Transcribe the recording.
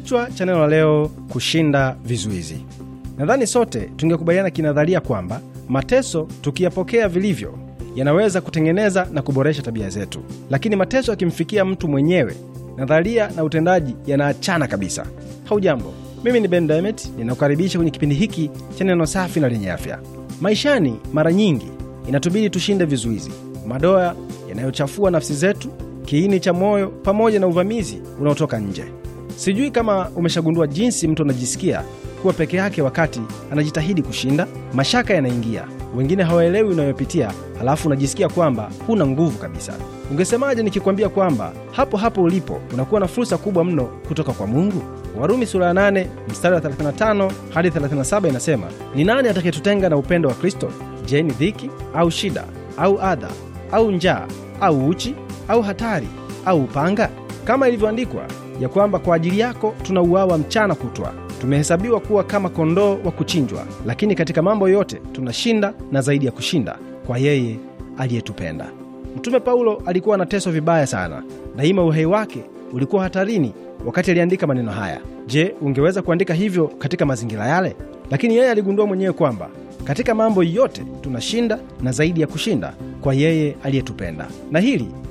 Kichwa cha neno la leo, kushinda vizuizi. Nadhani sote tungekubaliana kinadharia kwamba mateso tukiyapokea vilivyo yanaweza kutengeneza na kuboresha tabia zetu, lakini mateso yakimfikia mtu mwenyewe, nadharia na utendaji yanaachana kabisa. Haujambo, mimi ni Ben damet ninakukaribisha kwenye kipindi hiki cha neno safi na lenye afya. Maishani mara nyingi inatubidi tushinde vizuizi, madoa yanayochafua nafsi zetu, kiini cha moyo, pamoja na uvamizi unaotoka nje. Sijui kama umeshagundua jinsi mtu anajisikia kuwa peke yake wakati anajitahidi kushinda. Mashaka yanaingia, wengine hawaelewi unayopitia, halafu unajisikia kwamba huna nguvu kabisa. Ungesemaje nikikwambia kwamba hapo hapo ulipo unakuwa na fursa kubwa mno kutoka kwa Mungu? Warumi sura ya 8 mstari wa 35 hadi 37 inasema, ni nani atakayetutenga na upendo wa Kristo? Je, ni dhiki au shida au adha au njaa au uchi au hatari au upanga? Kama ilivyoandikwa, ya kwamba kwa ajili yako tunauawa mchana kutwa, tumehesabiwa kuwa kama kondoo wa kuchinjwa, lakini katika mambo yote tunashinda na zaidi ya kushinda kwa yeye aliyetupenda. Mtume Paulo alikuwa anateswa vibaya sana, daima uhai wake ulikuwa hatarini wakati aliandika maneno haya. Je, ungeweza kuandika hivyo katika mazingira yale? Lakini yeye aligundua mwenyewe kwamba katika mambo yote tunashinda na zaidi ya kushinda kwa yeye aliyetupenda. Na hili